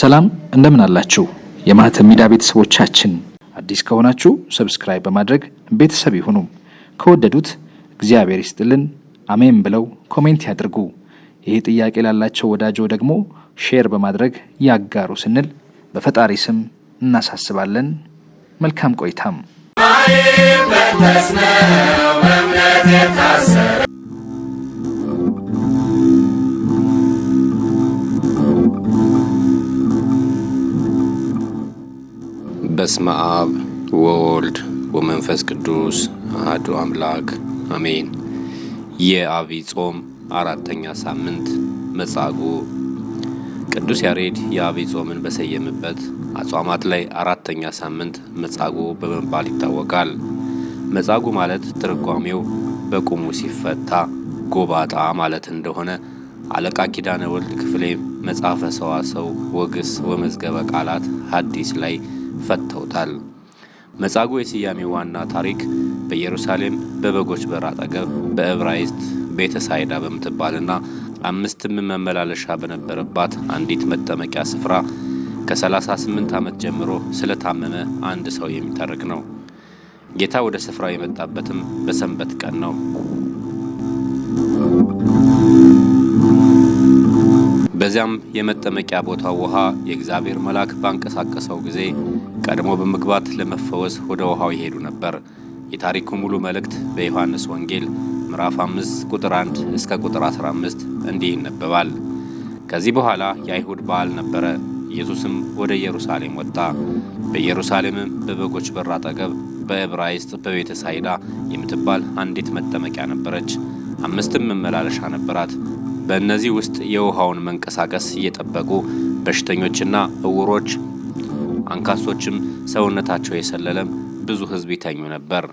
ሰላም እንደምን አላችሁ? የማህተብ ሚዲያ ቤተሰቦቻችን አዲስ ከሆናችሁ ሰብስክራይብ በማድረግ ቤተሰብ ይሁኑ። ከወደዱት እግዚአብሔር ይስጥልን አሜን ብለው ኮሜንት ያድርጉ። ይህ ጥያቄ ላላቸው ወዳጆ ደግሞ ሼር በማድረግ ያጋሩ ስንል በፈጣሪ ስም እናሳስባለን። መልካም ቆይታም በስመ አብ ወወልድ ወመንፈስ ቅዱስ አህዱ አምላክ አሜን። የዐቢይ ጾም አራተኛ ሳምንት መጻጉዕ። ቅዱስ ያሬድ የዐቢይ ጾምን በሰየምበት አጽዋማት ላይ አራተኛ ሳምንት መጻጉዕ በመባል ይታወቃል። መጻጉዕ ማለት ትርጓሜው በቁሙ ሲፈታ ጎባጣ ማለት እንደሆነ አለቃ ኪዳነ ወልድ ክፍሌ መጽሐፈ ሰዋሰው ወግስ ወመዝገበ ቃላት ሐዲስ ላይ ፈተውታል። መጻጉዕ የስያሜ ዋና ታሪክ በኢየሩሳሌም በበጎች በር አጠገብ በዕብራይስጥ ቤተ ሳይዳ በምትባልና አምስትም መመላለሻ በነበረባት አንዲት መጠመቂያ ስፍራ ከ38 ዓመት ጀምሮ ስለታመመ አንድ ሰው የሚተርክ ነው። ጌታ ወደ ስፍራው የመጣበትም በሰንበት ቀን ነው። በዚያም የመጠመቂያ ቦታው ውሃ የእግዚአብሔር መልአክ ባንቀሳቀሰው ጊዜ ቀድሞ በመግባት ለመፈወስ ወደ ውሃው ይሄዱ ነበር። የታሪኩ ሙሉ መልእክት በዮሐንስ ወንጌል ምዕራፍ 5 ቁጥር 1 እስከ ቁጥር 15 እንዲህ ይነበባል። ከዚህ በኋላ የአይሁድ በዓል ነበረ። ኢየሱስም ወደ ኢየሩሳሌም ወጣ። በኢየሩሳሌምም በበጎች በር አጠገብ በዕብራይስጥ በቤተ ሳይዳ የምትባል አንዲት መጠመቂያ ነበረች። አምስትም መመላለሻ ነበራት። በእነዚህ ውስጥ የውሃውን መንቀሳቀስ እየጠበቁ በሽተኞችና እውሮች አንካሶችም ሰውነታቸው የሰለለም ብዙ ህዝብ ይተኙ ነበር።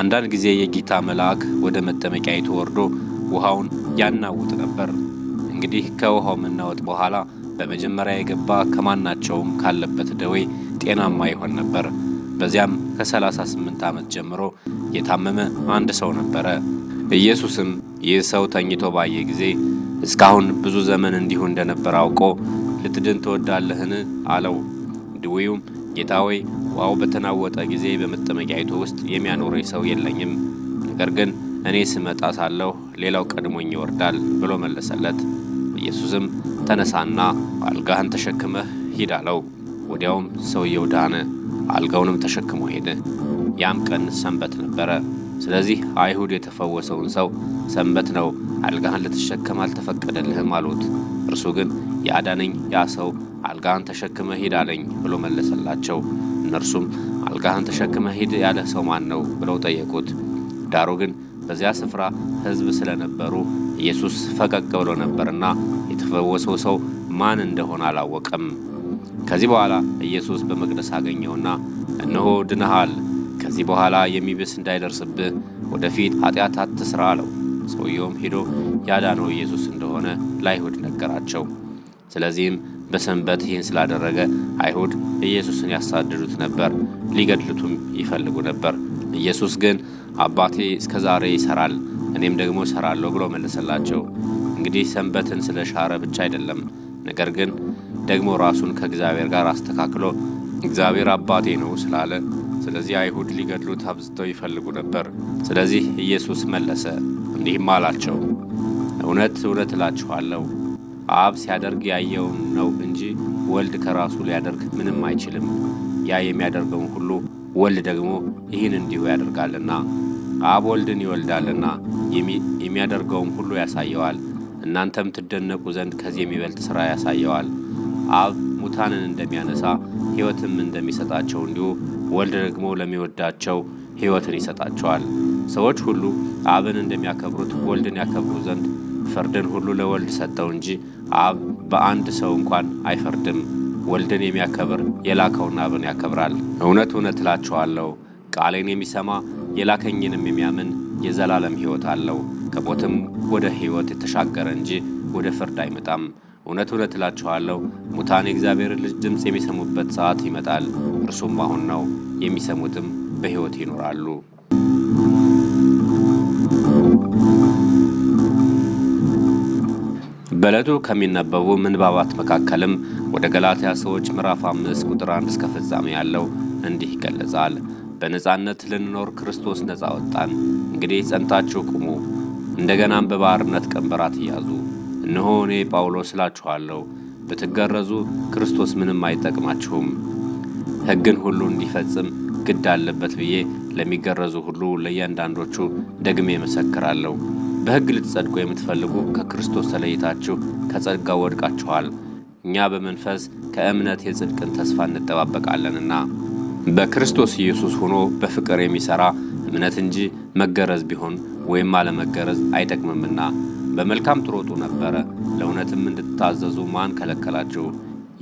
አንዳንድ ጊዜ የጌታ መልአክ ወደ መጠመቂያይቱ ወርዶ ውሃውን ያናውጥ ነበር። እንግዲህ ከውሃው መናወጥ በኋላ በመጀመሪያ የገባ ከማናቸውም ካለበት ደዌ ጤናማ ይሆን ነበር። በዚያም ከ38 ዓመት ጀምሮ የታመመ አንድ ሰው ነበረ። ኢየሱስም ይህ ሰው ተኝቶ ባየ ጊዜ እስካሁን ብዙ ዘመን እንዲሁ እንደነበር አውቆ ልትድን ትወዳለህን? አለው። ድዌውም ጌታ ሆይ ውሃው በተናወጠ ጊዜ በመጠመቂያይቱ ውስጥ የሚያኖረኝ ሰው የለኝም፣ ነገር ግን እኔ ስመጣ ሳለሁ ሌላው ቀድሞኝ ይወርዳል ብሎ መለሰለት። ኢየሱስም ተነሳና አልጋህን ተሸክመህ ሂድ አለው። ወዲያውም ሰውየው ዳነ፣ አልጋውንም ተሸክሞ ሄደ። ያም ቀን ሰንበት ነበረ። ስለዚህ አይሁድ የተፈወሰውን ሰው ሰንበት ነው፣ አልጋህን ልትሸከም አልተፈቀደልህም አሉት። እርሱ ግን ያዳነኝ ያ ሰው አልጋህን ተሸክመ ሂድ አለኝ ብሎ መለሰላቸው። እነርሱም አልጋህን ተሸክመ ሂድ ያለ ሰው ማን ነው ብለው ጠየቁት። ዳሩ ግን በዚያ ስፍራ ሕዝብ ስለነበሩ ኢየሱስ ፈቀቅ ብሎ ነበርና የተፈወሰው ሰው ማን እንደሆነ አላወቀም። ከዚህ በኋላ ኢየሱስ በመቅደስ አገኘውና እነሆ ድነሃል ከዚህ በኋላ የሚብስ እንዳይደርስብህ ወደፊት ኃጢአት አትስራ አለው። ሰውየውም ሄዶ ያዳነው ኢየሱስ እንደሆነ ለአይሁድ ነገራቸው። ስለዚህም በሰንበት ይህን ስላደረገ አይሁድ ኢየሱስን ያሳድዱት ነበር፣ ሊገድሉትም ይፈልጉ ነበር። ኢየሱስ ግን አባቴ እስከ ዛሬ ይሰራል፣ እኔም ደግሞ እሰራለሁ ብሎ መለሰላቸው። እንግዲህ ሰንበትን ስለ ሻረ ብቻ አይደለም፣ ነገር ግን ደግሞ ራሱን ከእግዚአብሔር ጋር አስተካክሎ እግዚአብሔር አባቴ ነው ስላለ ስለዚህ አይሁድ ሊገድሉት አብዝተው ይፈልጉ ነበር። ስለዚህ ኢየሱስ መለሰ እንዲህም አላቸው፣ እውነት እውነት እላችኋለሁ አብ ሲያደርግ ያየውን ነው እንጂ ወልድ ከራሱ ሊያደርግ ምንም አይችልም። ያ የሚያደርገውን ሁሉ ወልድ ደግሞ ይህን እንዲሁ ያደርጋልና አብ ወልድን ይወልዳልና የሚያደርገውም ሁሉ ያሳየዋል። እናንተም ትደነቁ ዘንድ ከዚህ የሚበልጥ ሥራ ያሳየዋል። አብ ሙታንን እንደሚያነሳ ሕይወትም እንደሚሰጣቸው እንዲሁ ወልድ ደግሞ ለሚወዳቸው ሕይወትን ይሰጣቸዋል። ሰዎች ሁሉ አብን እንደሚያከብሩት ወልድን ያከብሩ ዘንድ ፍርድን ሁሉ ለወልድ ሰጠው እንጂ አብ በአንድ ሰው እንኳን አይፈርድም። ወልድን የሚያከብር የላከውን አብን ያከብራል። እውነት እውነት እላችኋለሁ ቃሌን የሚሰማ የላከኝንም የሚያምን የዘላለም ሕይወት አለው፣ ከሞትም ወደ ሕይወት የተሻገረ እንጂ ወደ ፍርድ አይመጣም። እውነት እውነት እላችኋለሁ ሙታን የእግዚአብሔር ልጅ ድምፅ የሚሰሙበት ሰዓት ይመጣል፣ እርሱም አሁን ነው። የሚሰሙትም በሕይወት ይኖራሉ። በዕለቱ ከሚነበቡ ምንባባት መካከልም ወደ ገላትያ ሰዎች ምዕራፍ አምስት ቁጥር አንድ እስከ ፍጻሜ ያለው እንዲህ ይገለጻል። በነፃነት ልንኖር ክርስቶስ ነፃ ወጣን። እንግዲህ ጸንታችሁ ቁሙ፣ እንደገናም በባርነት ቀንበራት እያዙ እነሆ እኔ ጳውሎስ እላችኋለሁ፣ ብትገረዙ ክርስቶስ ምንም አይጠቅማችሁም። ሕግን ሁሉ እንዲፈጽም ግድ አለበት ብዬ ለሚገረዙ ሁሉ ለእያንዳንዶቹ ደግሜ መሰክራለሁ። በሕግ ልትጸድቁ የምትፈልጉ ከክርስቶስ ተለይታችሁ ከጸድጋው ወድቃችኋል። እኛ በመንፈስ ከእምነት የጽድቅን ተስፋ እንጠባበቃለንና በክርስቶስ ኢየሱስ ሆኖ በፍቅር የሚሠራ እምነት እንጂ መገረዝ ቢሆን ወይም አለመገረዝ አይጠቅምምና በመልካም ትሮጡ ነበረ። ለእውነትም እንድትታዘዙ ማን ከለከላችሁ?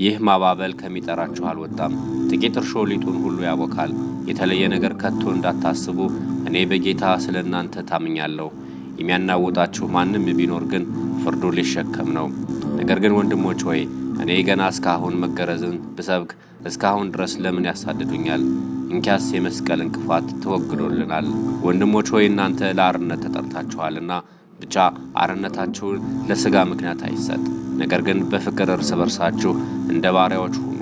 ይህ ማባበል ከሚጠራችሁ አልወጣም። ጥቂት እርሾ ሊጡን ሁሉ ያቦካል። የተለየ ነገር ከቶ እንዳታስቡ፣ እኔ በጌታ ስለ እናንተ ታምኛለሁ። የሚያናውጣችሁ ማንም ቢኖር ግን ፍርዱ ሊሸከም ነው። ነገር ግን ወንድሞች ሆይ እኔ ገና እስካሁን መገረዝን ብሰብክ እስካሁን ድረስ ለምን ያሳድዱኛል? እንኪያስ የመስቀል እንቅፋት ተወግዶልናል። ወንድሞች ሆይ እናንተ ለአርነት ተጠርታችኋልና ብቻ አርነታቸውን ለስጋ ምክንያት አይሰጥ፣ ነገር ግን በፍቅር እርስ በርሳችሁ እንደ ባሪያዎች ሁኑ።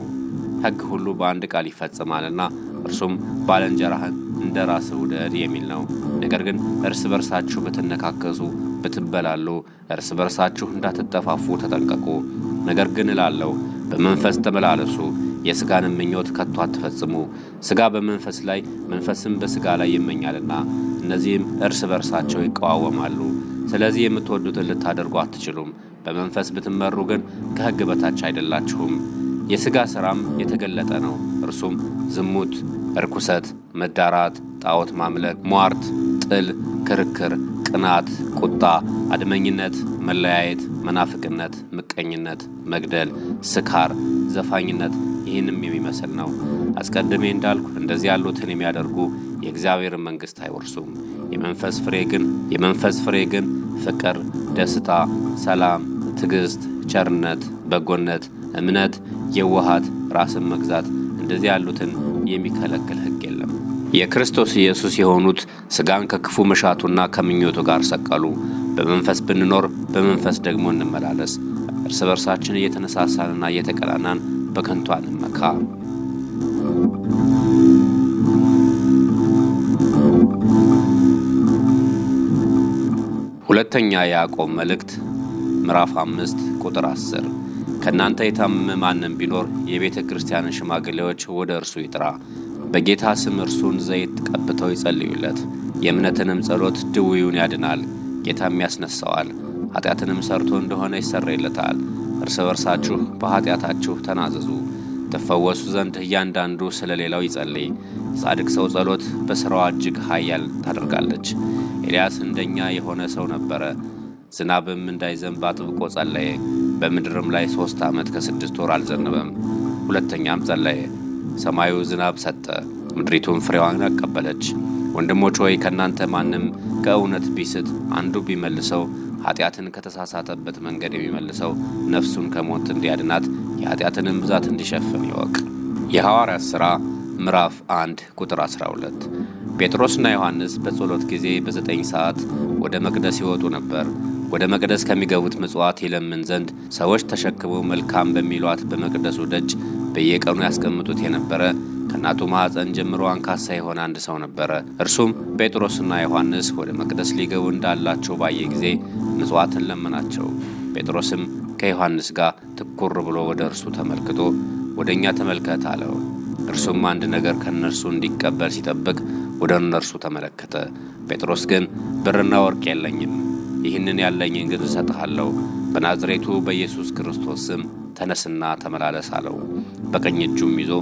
ሕግ ሁሉ በአንድ ቃል ይፈጽማልና እርሱም ባለንጀራህን እንደ ራስ ውደድ የሚል ነው። ነገር ግን እርስ በርሳችሁ ብትነካከሱ፣ ብትበላሉ፣ እርስ በርሳችሁ እንዳትጠፋፉ ተጠንቀቁ። ነገር ግን እላለሁ በመንፈስ ተመላለሱ፣ የስጋንም ምኞት ከቶ አትፈጽሙ። ስጋ በመንፈስ ላይ መንፈስም በስጋ ላይ ይመኛልና እነዚህም እርስ በርሳቸው ይቀዋወማሉ። ስለዚህ የምትወዱትን ልታደርጉ አትችሉም። በመንፈስ ብትመሩ ግን ከሕግ በታች አይደላችሁም። የሥጋ ሥራም የተገለጠ ነው። እርሱም ዝሙት፣ እርኩሰት፣ መዳራት፣ ጣዖት ማምለክ፣ ሟርት፣ ጥል፣ ክርክር፣ ቅናት፣ ቁጣ፣ አድመኝነት፣ መለያየት፣ መናፍቅነት፣ ምቀኝነት፣ መግደል፣ ስካር፣ ዘፋኝነት ይህንም የሚመስል ነው። አስቀድሜ እንዳልኩ እንደዚህ ያሉትን የሚያደርጉ የእግዚአብሔርን መንግሥት አይወርሱም። የመንፈስ ፍሬ ግን የመንፈስ ፍሬ ግን ፍቅር፣ ደስታ፣ ሰላም፣ ትዕግስት፣ ቸርነት፣ በጎነት፣ እምነት፣ የዋሃት፣ ራስን መግዛት እንደዚህ ያሉትን የሚከለክል ሕግ የለም። የክርስቶስ ኢየሱስ የሆኑት ሥጋን ከክፉ መሻቱና ከምኞቱ ጋር ሰቀሉ። በመንፈስ ብንኖር በመንፈስ ደግሞ እንመላለስ። እርስ በርሳችን እየተነሳሳንና እየተቀናናን በከንቱ አንመካ። ሁለተኛ ያዕቆብ መልእክት ምዕራፍ አምስት ቁጥር አስር ከእናንተ የታመመ ማንም ቢኖር የቤተ ክርስቲያንን ሽማግሌዎች ወደ እርሱ ይጥራ፣ በጌታ ስም እርሱን ዘይት ቀብተው ይጸልዩለት። የእምነትንም ጸሎት ድውዩን ያድናል፣ ጌታም ያስነሳዋል። ኃጢአትንም ሰርቶ እንደሆነ ይሰረይለታል። እርስ በርሳችሁ በኃጢአታችሁ ተናዘዙ፣ ትፈወሱ ዘንድ እያንዳንዱ ስለ ሌላው ይጸልይ። ጻድቅ ሰው ጸሎት በሥራዋ እጅግ ኃያል ታደርጋለች። ኤልያስ እንደኛ የሆነ ሰው ነበረ። ዝናብም እንዳይዘንብ አጥብቆ ጸለየ። በምድርም ላይ ሦስት ዓመት ከስድስት ወር አልዘነበም። ሁለተኛም ጸለየ፣ ሰማዩ ዝናብ ሰጠ፣ ምድሪቱም ፍሬዋን አቀበለች። ወንድሞች ሆይ ከእናንተ ማንም ከእውነት ቢስት አንዱ ቢመልሰው ኃጢአትን ከተሳሳተበት መንገድ የሚመልሰው ነፍሱን ከሞት እንዲያድናት የኃጢአትንም ብዛት እንዲሸፍን ይወቅ። የሐዋርያት ሥራ ምዕራፍ 1 ቁጥር 12 ጴጥሮስና ዮሐንስ በጸሎት ጊዜ በዘጠኝ ሰዓት ወደ መቅደስ ይወጡ ነበር። ወደ መቅደስ ከሚገቡት ምጽዋት ይለምን ዘንድ ሰዎች ተሸክመው መልካም በሚሏት በመቅደሱ ደጅ በየቀኑ ያስቀምጡት የነበረ ከእናቱ ማኅፀን ጀምሮ አንካሳ የሆነ አንድ ሰው ነበረ። እርሱም ጴጥሮስና ዮሐንስ ወደ መቅደስ ሊገቡ እንዳላቸው ባየ ጊዜ ምጽዋትን ለመናቸው። ጴጥሮስም ከዮሐንስ ጋር ትኩር ብሎ ወደ እርሱ ተመልክቶ ወደ እኛ ተመልከት አለው። እርሱም አንድ ነገር ከእነርሱ እንዲቀበል ሲጠብቅ ወደ እነርሱ ተመለከተ። ጴጥሮስ ግን ብርና ወርቅ የለኝም፣ ይህንን ያለኝን ግን እሰጥሃለሁ። በናዝሬቱ በኢየሱስ ክርስቶስ ስም ተነስና ተመላለስ አለው። በቀኝ እጁም ይዞ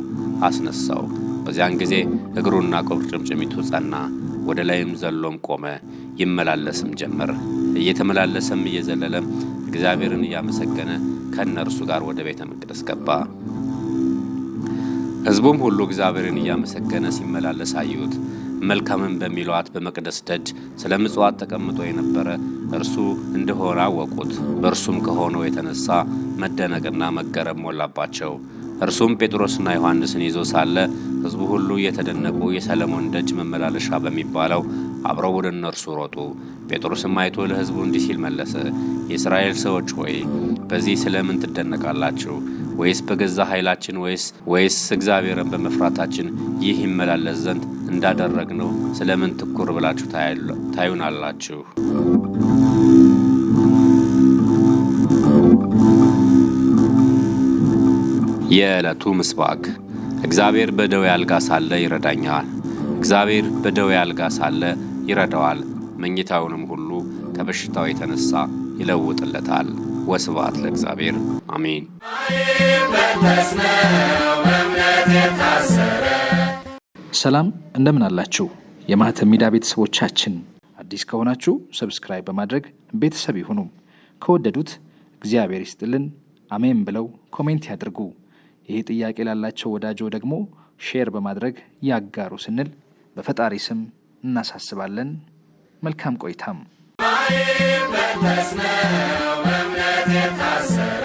አስነሳው። በዚያን ጊዜ እግሩና ቁርጭምጭሚቱ ጸና፣ ወደ ላይም ዘሎም ቆመ፣ ይመላለስም ጀመር። እየተመላለሰም እየዘለለም እግዚአብሔርን እያመሰገነ ከእነርሱ ጋር ወደ ቤተ መቅደስ ገባ። ሕዝቡም ሁሉ እግዚአብሔርን እያመሰገነ ሲመላለስ አዩት። መልካምን በሚለዋት በመቅደስ ደጅ ስለ ምጽዋት ተቀምጦ የነበረ እርሱ እንደሆነ አወቁት። በእርሱም ከሆነው የተነሳ መደነቅና መገረም ሞላባቸው። እርሱም ጴጥሮስና ዮሐንስን ይዞ ሳለ ሕዝቡ ሁሉ እየተደነቁ የሰለሞን ደጅ መመላለሻ በሚባለው አብረው ወደ እነርሱ ሮጡ። ጴጥሮስም አይቶ ለሕዝቡ እንዲህ ሲል መለሰ፣ የእስራኤል ሰዎች ሆይ በዚህ ስለምን ትደነቃላችሁ? ወይስ በገዛ ኃይላችን ወይስ ወይስ እግዚአብሔርን በመፍራታችን ይህ ይመላለስ ዘንድ ነው ስለምን ትኩር ብላችሁ ታዩናላችሁ? የዕለቱ ምስባክ እግዚአብሔር በደዌ አልጋ ሳለ ይረዳኛል። እግዚአብሔር በደዌ አልጋ ሳለ ይረዳዋል፣ መኝታውንም ሁሉ ከበሽታው የተነሳ ይለውጥለታል። ወስብሐት ለእግዚአብሔር አሜን። ሰላም እንደምን አላችሁ? የማህተብ ሚዲያ ቤተሰቦቻችን አዲስ ከሆናችሁ ሰብስክራይብ በማድረግ ቤተሰብ ይሁኑ። ከወደዱት እግዚአብሔር ይስጥልን አሜን ብለው ኮሜንት ያድርጉ። ይህ ጥያቄ ላላቸው ወዳጆ ደግሞ ሼር በማድረግ ያጋሩ ስንል በፈጣሪ ስም እናሳስባለን። መልካም ቆይታም በተስነው በእምነት የታሰረ